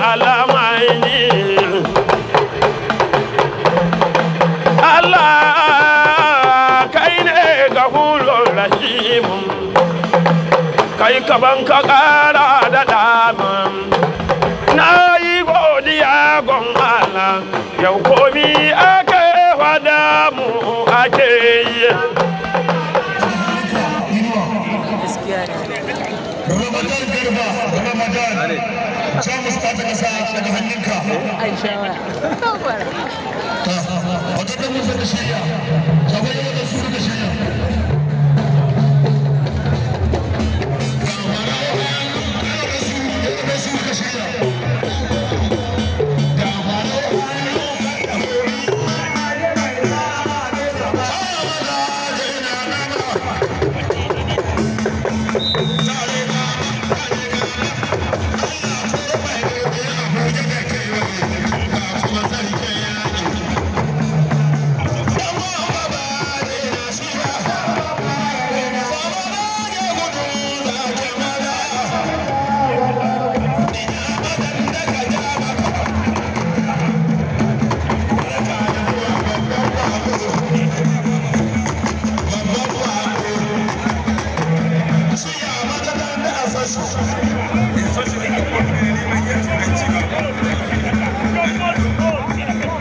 kai kaban ka kara da dama na yi godiya gon Allah yau komi ake fada mu ake yi Ramadan garba Ramadan ce mustapha na sa daga hannunka an shawara wajen da musa da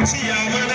See y'all.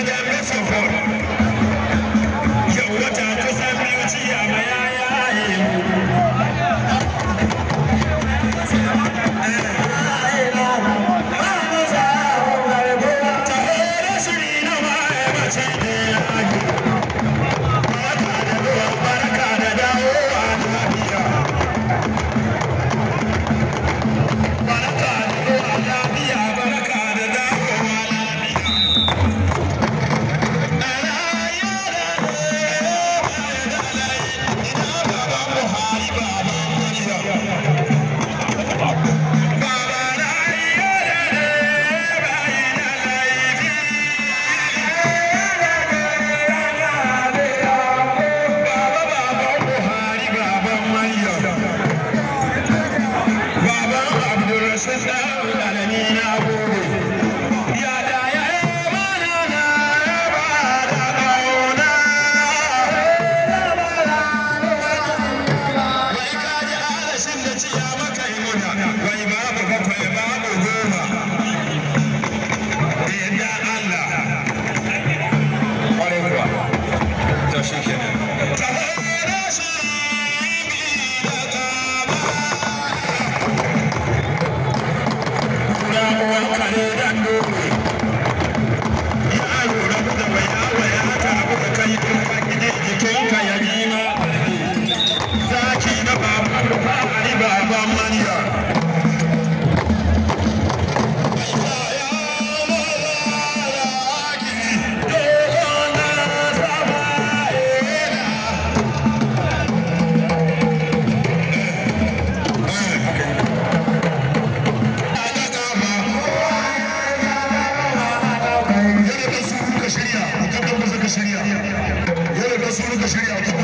su rika shirya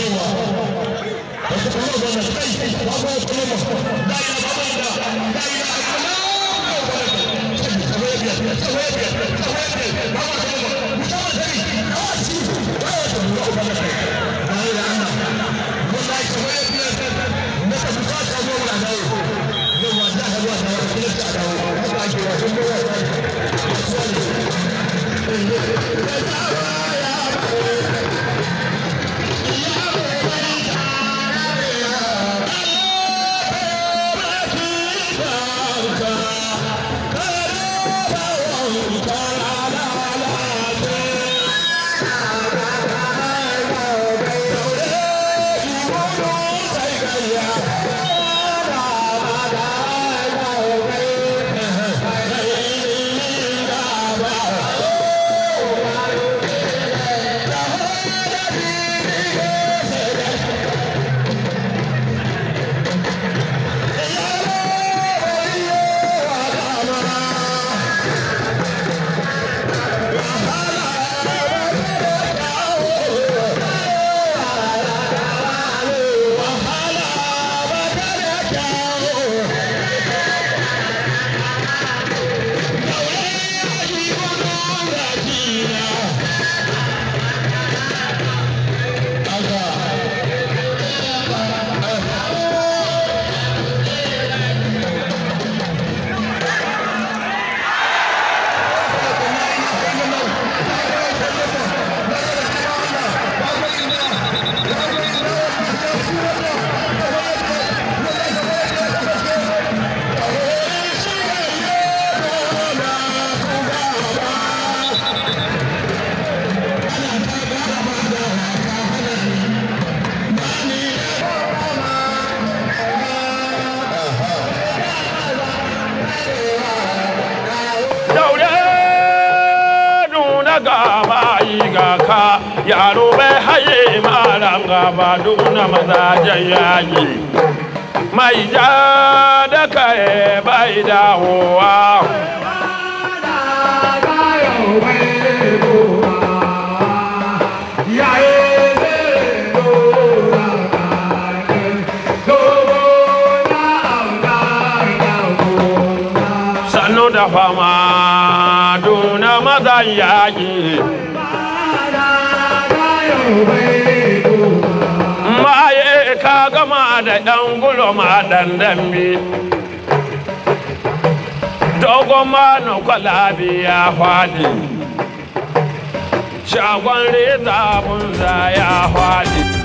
kowa wasu kuma gwamna kai ba kuma kuma ba da ya ba ba da da ya ba yi daga bayi yi ga ka yaro bai haye malam gaba duk na mazajen yayi mai ja da kai bai dawowa Fama kan yaƙi maye ka gama da ɗan gulo ma dandan bi dogon manu kwalabi ya faɗi shagon reza bunza ya faɗi